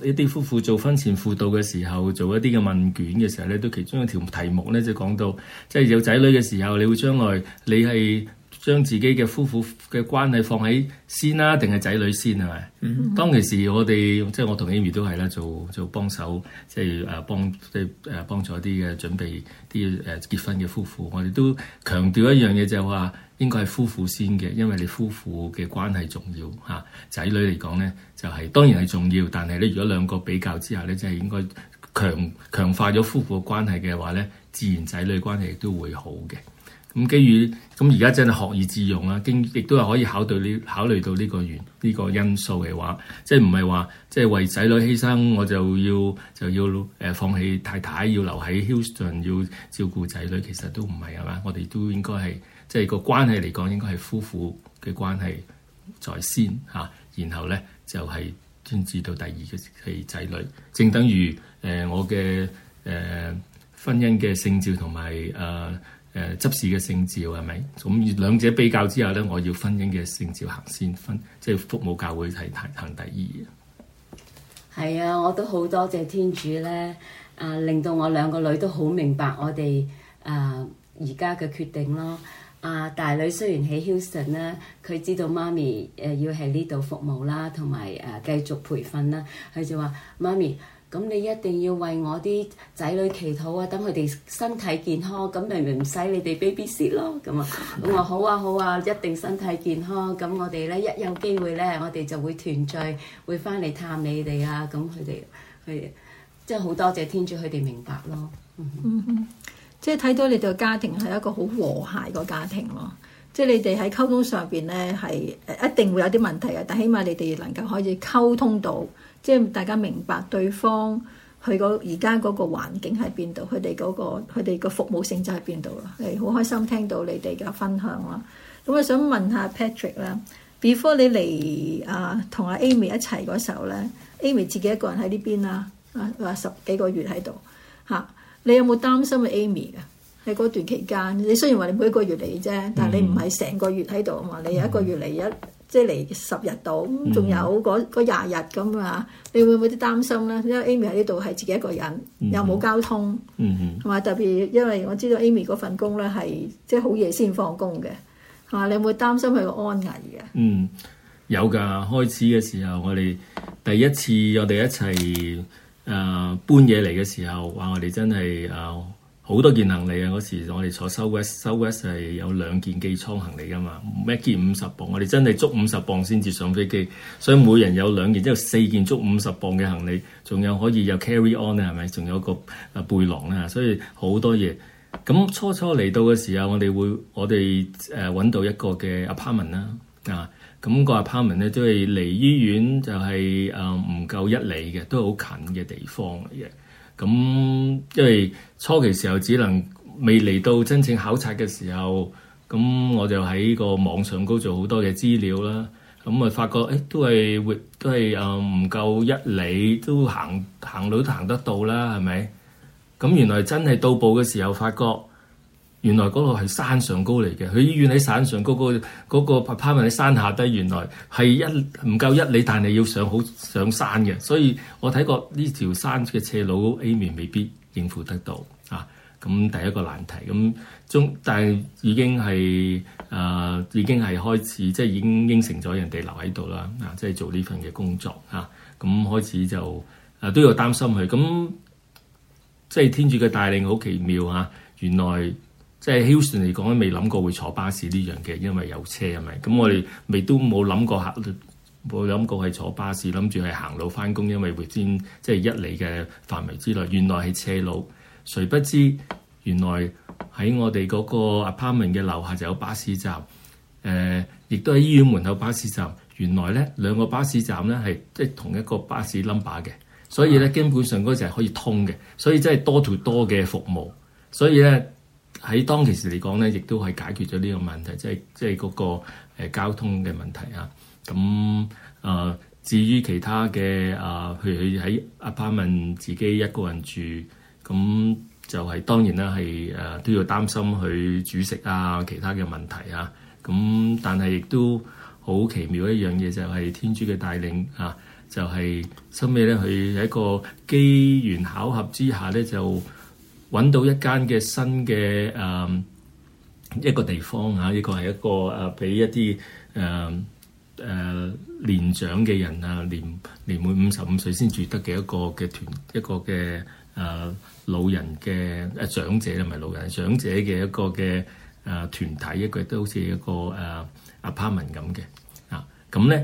一啲夫婦做婚前輔導嘅時候，做一啲嘅問卷嘅時候咧，都其中一條題目咧就是、講到，即、就、係、是、有仔女嘅時候，你會將來你係將自己嘅夫婦嘅關係放喺先啦、啊，定係仔女先係、啊、咪？Mm hmm. 當其時我哋即係我同 Amy 都係啦，做做幫手，即係誒幫即係誒幫助啲嘅、啊、準備啲誒、啊、結婚嘅夫婦，我哋都強調一樣嘢就係話。應該係夫婦先嘅，因為你夫婦嘅關係重要嚇。仔女嚟講咧，就係當然係重要，但係咧，如果兩個比較之下咧，即係應該強強化咗夫婦嘅關係嘅話咧，自然仔女關係亦都會好嘅。咁基於咁而家真係學以致用啦，經亦都係可以考到呢考慮到呢個原呢個因素嘅話，即係唔係話即係為仔女犧牲，我就要就要誒放棄太太，要留喺 Houston，要照顧仔女，其實都唔係係嘛？我哋都應該係。即係個關係嚟講，應該係夫婦嘅關係在先嚇、啊，然後咧就係專至到第二嘅係仔女，正等於誒、呃、我嘅誒、呃、婚姻嘅聖召、呃呃、召，同埋誒誒執事嘅聖召。係咪？咁兩者比較之後咧，我要婚姻嘅聖召行先，婚即係服務教會係行第二。係啊，我都好多謝天主咧，啊令到我兩個女都好明白我哋啊而家嘅決定咯。啊！大女雖然喺 Houston 咧，佢知道媽咪誒、呃、要喺呢度服務啦，同埋誒繼續培訓啦，佢就話：媽咪，咁你一定要為我啲仔女祈禱啊，等佢哋身體健康，咁明明唔使你哋 baby seat 咯。咁、嗯、啊，我話好啊好啊，一定身體健康。咁我哋咧一有機會咧，我哋就會團聚，會翻嚟探你哋啊。咁佢哋即真好多謝天主，佢哋明白咯。 即係睇到你哋家庭係一個好和諧個家庭咯，即係你哋喺溝通上邊咧係誒一定會有啲問題嘅，但係起碼你哋能夠可以溝通到，即係大家明白對方佢個而家嗰個環境喺邊度，佢哋嗰個佢哋個服務性質喺邊度咯。誒好開心聽到你哋嘅分享咯，咁我想問下 Patrick 啦，before 你嚟啊同阿 Amy 一齊嗰時候咧，Amy 自己一個人喺呢邊啊，啊話十幾個月喺度嚇。你有冇擔心阿 Amy 嘅？喺嗰段期間，你雖然話你每個月嚟啫，但係你唔係成個月喺度啊嘛，嗯、你有一個月嚟一即係嚟十日度，仲、嗯、有嗰廿日咁啊？你會唔會啲擔心咧？因為 Amy 喺呢度係自己一個人，又冇、嗯、交通，同埋、嗯嗯、特別因為我知道 Amy 嗰份工咧係即係好夜先放工嘅係嘛，你有冇擔心佢個安危嘅？嗯，有噶。開始嘅時候，我哋第一次我哋一齊。誒搬嘢嚟嘅時候，哇！我哋真係誒好多件行李啊！嗰時我哋坐 Southwest，Southwest 係有兩件機艙行李噶嘛，每件五十磅，我哋真係捉五十磅先至上飛機，所以每人有兩件，之後四件捉五十磅嘅行李，仲有可以有 carry on 咧，係咪？仲有個誒背囊啦，所以好多嘢。咁初初嚟到嘅時候，我哋會我哋誒揾到一個嘅 apartment 啦、呃，啊！咁個 apartment 咧都係離醫院就係誒唔夠一里嘅，都係好近嘅地方嚟嘅。咁因為初期時候只能未嚟到真正考察嘅時候，咁我就喺個網上高做好多嘅資料啦。咁啊發覺誒、欸、都係會都係誒唔夠一里，都行行路都行得到啦，係咪？咁原來真係到步嘅時候發覺。原來嗰度係山上高嚟嘅，佢醫院喺山上，嗰、嗰個嗰、嗰個 partner 喺山下低。原來係一唔夠一里，但係要上好上山嘅，所以我睇過呢條山嘅斜路，Amy 未必應付得到啊。咁第一個難題，咁中但係已經係誒、啊、已經係開始，即係已經應承咗人哋留喺度啦。啊，即係做呢份嘅工作啊，咁開始就誒、啊、都有擔心佢，咁即係天主嘅帶領好奇妙啊！原來。喺 Hilton 嚟講，都未諗過會坐巴士呢樣嘅，因為有車係咪？咁我哋未都冇諗過冇諗過，係坐巴士，諗住係行路返工，因為會先即係一里嘅範圍之內。原來係斜路，誰不知原來喺我哋嗰個 apartment 嘅樓下就有巴士站，誒、呃，亦都喺醫院門口巴士站。原來咧兩個巴士站咧係即係同一個巴士 number 嘅，所以咧基本上嗰就係可以通嘅，所以真係多條多嘅服務，所以咧。喺當其時嚟講咧，亦都係解決咗呢個問題，即係即係嗰個交通嘅問題啊。咁誒、呃、至於其他嘅誒，佢佢喺 apartment 自己一個人住，咁就係當然啦，係誒、呃、都要擔心佢煮食啊，其他嘅問題啊。咁但係亦都好奇妙一樣嘢就係、是、天主嘅帶領啊，就係收尾咧，佢喺一個機緣巧合之下咧就。揾到一間嘅新嘅誒、啊、一個地方嚇，呢個係一個誒俾一啲誒誒年長嘅人啊，年啊年滿五十五歲先住得嘅一個嘅團，一個嘅誒、啊、老人嘅誒、啊、長者同埋老人長者嘅一個嘅誒、啊、團體，一個都好似一個誒 apartment 咁嘅啊，咁咧、啊、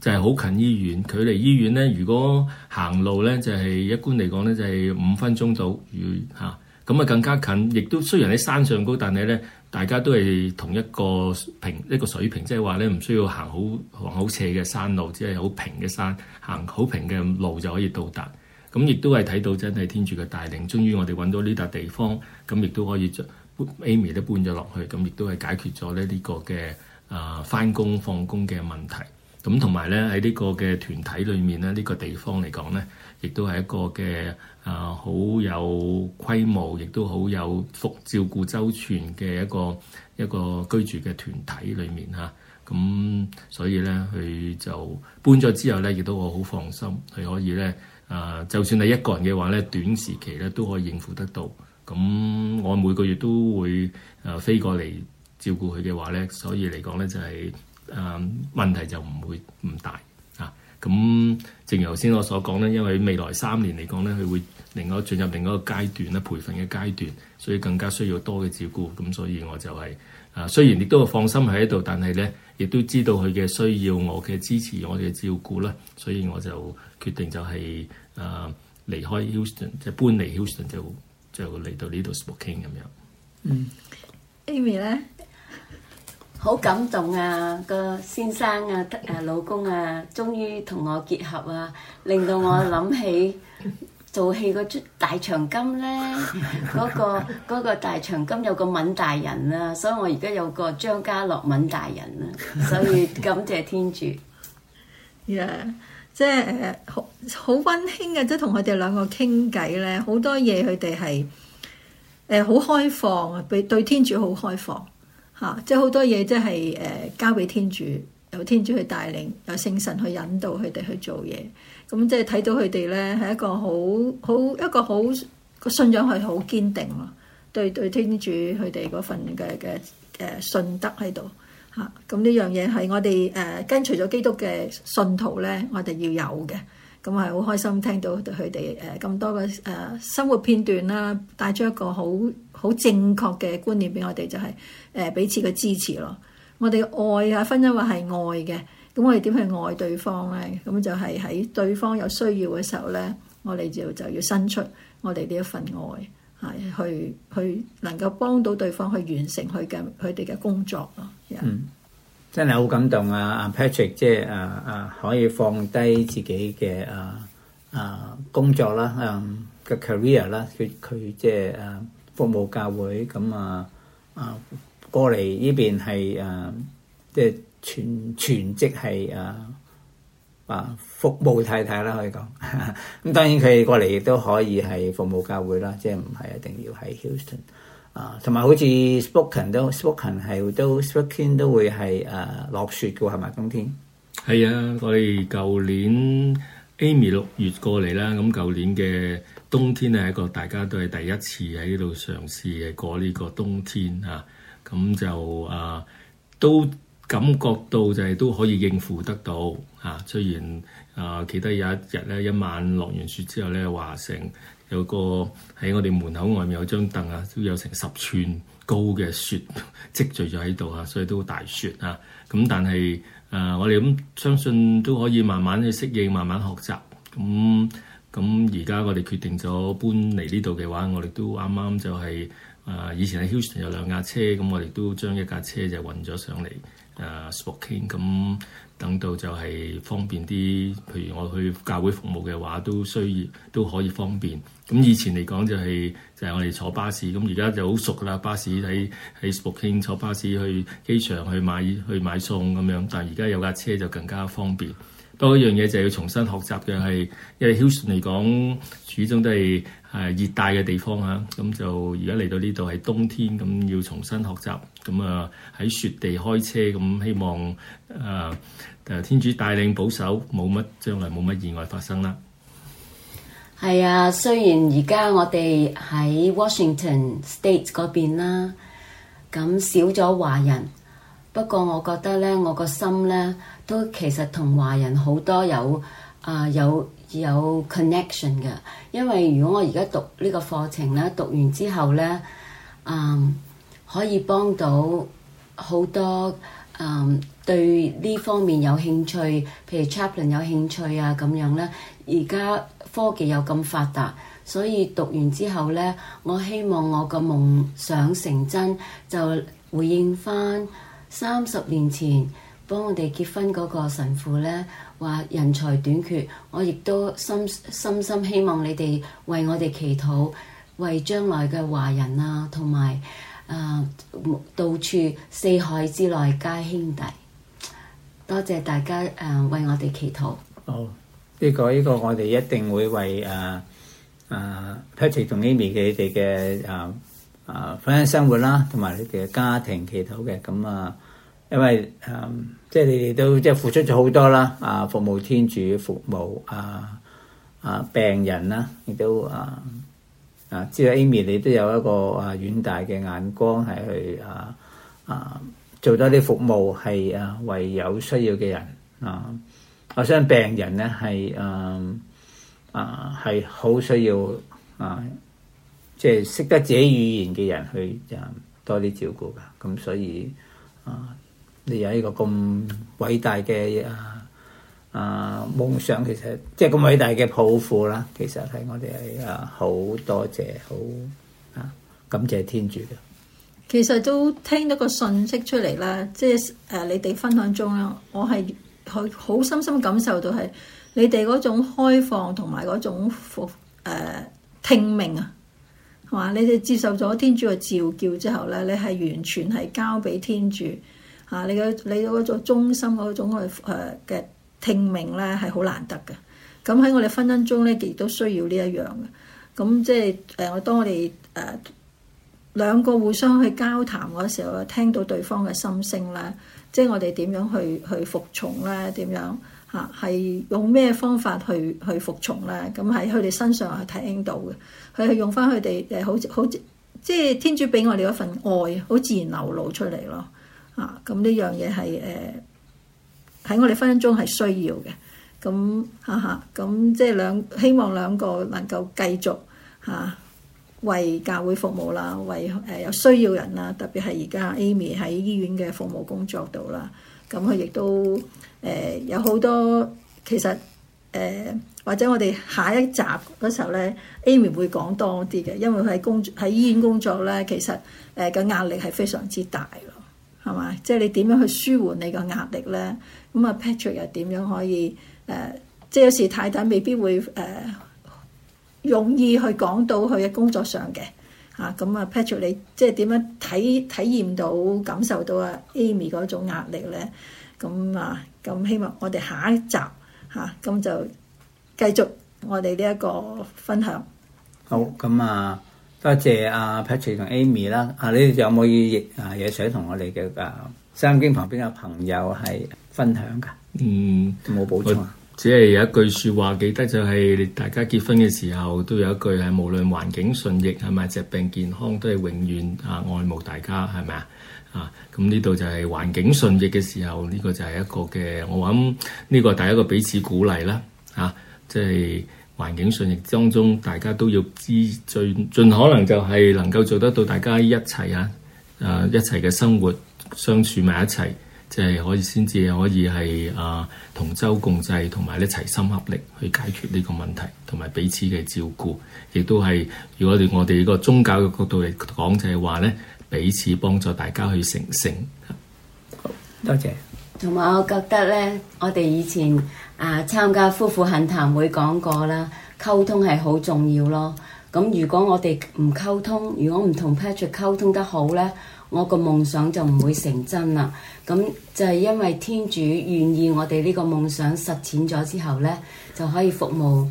就係、是、好近醫院，距離醫院咧如果行路咧就係、是、一般嚟講咧就係、是、五分鐘到，與、啊、嚇。咁啊更加近，亦都雖然喺山上高，但係咧大家都係同一個平一個水平，即係話咧唔需要行好行好斜嘅山路，即係好平嘅山，行好平嘅路就可以到達。咁亦都係睇到真係天主嘅帶領，終於我哋揾到呢笪地方，咁亦都可以將 Amy 都搬咗落去，咁亦都係解決咗咧呢個嘅啊翻工放工嘅問題。咁同埋咧喺呢個嘅團體裏面咧，呢、呢個地方嚟講咧，亦都係一個嘅。啊，好有規模，亦都好有福照顧周全嘅一個一個居住嘅團體裏面嚇，咁、啊、所以咧，佢就搬咗之後咧，亦都我好放心，佢可以咧，啊，就算係一個人嘅話咧，短時期咧都可以應付得到。咁、啊、我每個月都會啊飛過嚟照顧佢嘅話咧，所以嚟講咧就係、係、啊問題就唔會唔大啊咁。啊嗯正如頭先我所講咧，因為未來三年嚟講咧，佢會另外進入另外一個階段咧，培訓嘅階段，所以更加需要多嘅照顧。咁所以我就係、是、啊，雖然亦都放心喺度，但係咧，亦都知道佢嘅需要，我嘅支持，我嘅照顧啦。所以我就決定就係、是、啊離開 Houston，即係搬離 Houston 就就嚟到呢度 Spokane 咁樣。嗯，Amy 咧。好感動啊！個先生啊，誒老公啊，終於同我結合啊，令到我諗起做戲個大長今、嗰個嗰個大長今咧，嗰個大長今有個敏大人啦、啊，所以我而家有個張家樂敏大人啦、啊，所以感謝天主。Yeah, 即係誒好好溫馨啊！即係同佢哋兩個傾偈咧，好多嘢佢哋係誒好開放啊，對對天主好開放。嚇！即係好多嘢，即係誒交俾天主，由天主去帶領，由聖神去引導佢哋去做嘢。咁即係睇到佢哋咧，係一個好好一個好信仰係好堅定咯。對對，天主佢哋嗰份嘅嘅誒信德喺度嚇。咁、啊、呢樣嘢係我哋誒、呃、跟隨咗基督嘅信徒咧，我哋要有嘅。咁我係好開心聽到佢哋誒咁多個誒、呃、生活片段啦，帶咗一個好。好正確嘅觀念俾我哋就係、是、誒彼此嘅支持咯。我哋愛啊，婚姻話係愛嘅，咁我哋點去愛對方咧？咁就係喺對方有需要嘅時候咧，我哋就就要伸出我哋呢一份愛，係去去能夠幫到對方去完成佢嘅佢哋嘅工作咯。Yeah. 嗯，真係好感動啊！阿 Patrick 即係啊啊，可以放低自己嘅啊啊工作啦，嗯、啊、嘅 career 啦，佢佢即係啊。服務教會咁啊啊過嚟呢邊係誒、啊，即係全全職係誒啊，啊服務太太啦可以講，咁 當然佢哋過嚟亦都可以係服務教會啦，即係唔係一定要喺 Houston 啊，同埋好似 Spokane 都 Spokane 係都 Spokane 都會係誒落雪嘅喎，係咪冬天？係啊，我哋舊年 Amy 六月過嚟啦，咁舊年嘅。冬天係一個大家都係第一次喺呢度嘗試嘅過呢個冬天啊，咁就啊都感覺到就係都可以應付得到啊。雖然啊記得有一日咧，一晚落完雪之後咧，華城有個喺我哋門口外面有張凳啊，都有成十寸高嘅雪 積聚咗喺度啊，所以都好大雪啊。咁但係啊，我哋咁相信都可以慢慢去適應，慢慢學習咁。嗯。咁而家我哋決定咗搬嚟呢度嘅話，我哋都啱啱就係啊，以前喺 Houston 有兩架車，咁我哋都將一架車就運咗上嚟啊，Spokane。咁等到就係方便啲，譬如我去教會服務嘅話，都需要都可以方便。咁以前嚟講就係就係我哋坐巴士，咁而家就好熟啦，巴士喺喺 Spokane，坐巴士去機場去買去買餸咁樣，但而家有架車就更加方便。多一樣嘢就係要重新學習嘅係，因為 Hilton 嚟講始終都係係、啊、熱帶嘅地方嚇，咁、啊、就而家嚟到呢度係冬天，咁、嗯、要重新學習，咁、嗯、啊喺雪地開車，咁、嗯、希望誒、啊、天主帶領保守，冇乜將來冇乜意外發生啦。係啊，雖然而家我哋喺 Washington State 嗰邊啦，咁少咗華人，不過我覺得呢，我個心呢。都其實同華人好多有啊、呃、有有 connection 嘅，因為如果我而家讀呢個課程咧，讀完之後咧，嗯，可以幫到好多嗯對呢方面有興趣，譬如 chaplain 有興趣啊咁樣咧。而家科技又咁發達，所以讀完之後咧，我希望我個夢想成真，就回應返三十年前。幫我哋結婚嗰個神父呢，話人才短缺，我亦都深深深希望你哋為我哋祈禱，為將來嘅華人啊，同埋啊到處四海之內皆兄弟。多謝大家誒、呃、為我哋祈禱。好、哦，呢、這個呢、這個我哋一定會為誒誒、呃呃、Patrick 同 Amy 你哋嘅誒誒婚姻生活啦，同埋你哋嘅家庭祈禱嘅。咁啊，因為誒。呃即係你哋都即係付出咗好多啦，啊服務天主服務啊啊病人啦，亦都啊啊，知道 Amy 你都有一個啊遠大嘅眼光係去啊啊做多啲服務，係啊為有需要嘅人啊，我相信病人咧係嗯啊係好、啊、需要啊，即係識得自己語言嘅人去啊多啲照顧㗎，咁所以啊。你有呢個咁偉大嘅啊啊夢想，其實即係咁偉大嘅抱負啦。其實係我哋係啊好多謝好啊感謝天主嘅。其實都聽到個信息出嚟啦，即係誒你哋分享中啦，我係去好深深感受到係你哋嗰種開放同埋嗰種服、啊、聽命啊，係嘛？你哋接受咗天主嘅召叫之後咧，你係完全係交俾天主。嚇！你嘅你嗰種忠心嗰種嘅誒嘅聽命咧，係好難得嘅。咁喺我哋婚姻中咧，亦都需要呢一樣嘅。咁即係誒，當我哋誒、呃、兩個互相去交談嗰時候，聽到對方嘅心聲咧，即係我哋點樣去去服從咧，點樣嚇係、啊、用咩方法去去服從咧？咁喺佢哋身上去睇到嘅，佢係用翻佢哋誒，好似好似即係天主俾我哋一份愛，好自然流露出嚟咯。嚇，咁呢樣嘢係誒，喺我哋婚姻中係需要嘅。咁嚇、嚇，咁即係兩，希望兩個能夠繼續嚇，為教會服務啦，為誒，有需要人啦。特別係而家 Amy 喺醫院嘅服務工作度啦。咁佢亦都誒，有好多，其實誒，或者我哋下一集嗰時候咧，Amy 會講多啲嘅，因為佢喺工、喺醫院工作咧，其實誒，嘅壓力係非常之大。係嘛？即係你點樣去舒緩你個壓力咧？咁啊，Patrick 又點樣可以誒、呃？即係有時太太未必會誒、呃、容易去講到佢嘅工作上嘅嚇。咁啊，Patrick 你即係點樣體體驗到感受到啊 Amy 嗰種壓力咧？咁啊，咁希望我哋下一集嚇咁、啊、就繼續我哋呢一個分享。好咁啊！多謝阿 Patrick 同 Amy 啦，啊，啊，你哋有冇意啊嘢，想同我哋嘅、啊收音機旁邊嘅朋友係分享噶？嗯，冇補充。只係有一句說話記得就係，大家結婚嘅時候都有一句係，無論環境順逆係咪疾病健康，都係永遠啊愛慕大家係咪啊？啊，咁呢度就係環境順逆嘅時候，呢個就係一個嘅，我諗呢個第一個彼此鼓勵啦，啊，即係。環境上亦當中，大家都要知最盡可能就係能夠做得到，大家一齊啊，誒一齊嘅生活相處埋一齊，即係可以先至可以係啊同舟共濟，同埋一齊心合力去解決呢個問題，同埋彼此嘅照顧，亦都係如果我哋呢個宗教嘅角度嚟講，就係話呢，彼此幫助大家去成聖。多謝。同埋我覺得呢，我哋以前啊參加夫婦懇談會講過啦，溝通係好重要咯。咁如果我哋唔溝通，如果唔同 Patrick 溝通得好呢，我個夢想就唔會成真啦。咁就係因為天主願意我哋呢個夢想實踐咗之後呢，就可以服務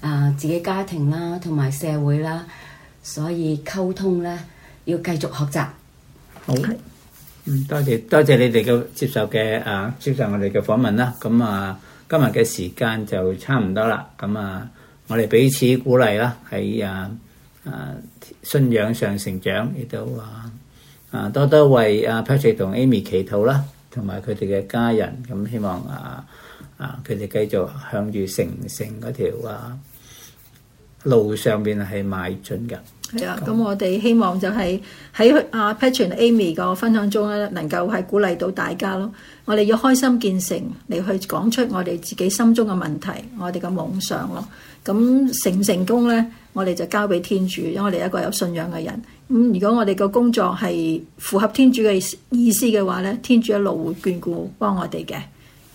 啊自己家庭啦，同埋社會啦。所以溝通呢，要繼續學習。好。Okay. 嗯，多謝多謝你哋嘅接受嘅啊，接受我哋嘅訪問啦。咁啊，今日嘅時間就差唔多啦。咁啊，我哋彼此鼓勵啦，喺啊啊信仰上成長，亦都啊啊多多為 Pat 啊 Patrick 同 Amy 祈禱啦，同埋佢哋嘅家人。咁、啊、希望啊啊佢哋繼續向住成聖嗰條啊路上面係邁進嘅。係啊，咁我哋希望就係喺阿 Patrick Amy 嘅分享中咧，能夠係鼓勵到大家咯。我哋要開心見誠，嚟去講出我哋自己心中嘅問題，我哋嘅夢想咯。咁成唔成功咧？我哋就交俾天主，因為我哋一個有信仰嘅人。咁、嗯、如果我哋嘅工作係符合天主嘅意思嘅話咧，天主一路會眷顧幫我哋嘅。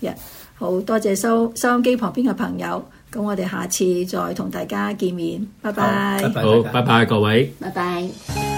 Yeah. 好多謝收收音機旁邊嘅朋友。咁我哋下次再同大家見面，好拜拜。拜拜家好，拜拜各位。拜拜。拜拜拜拜。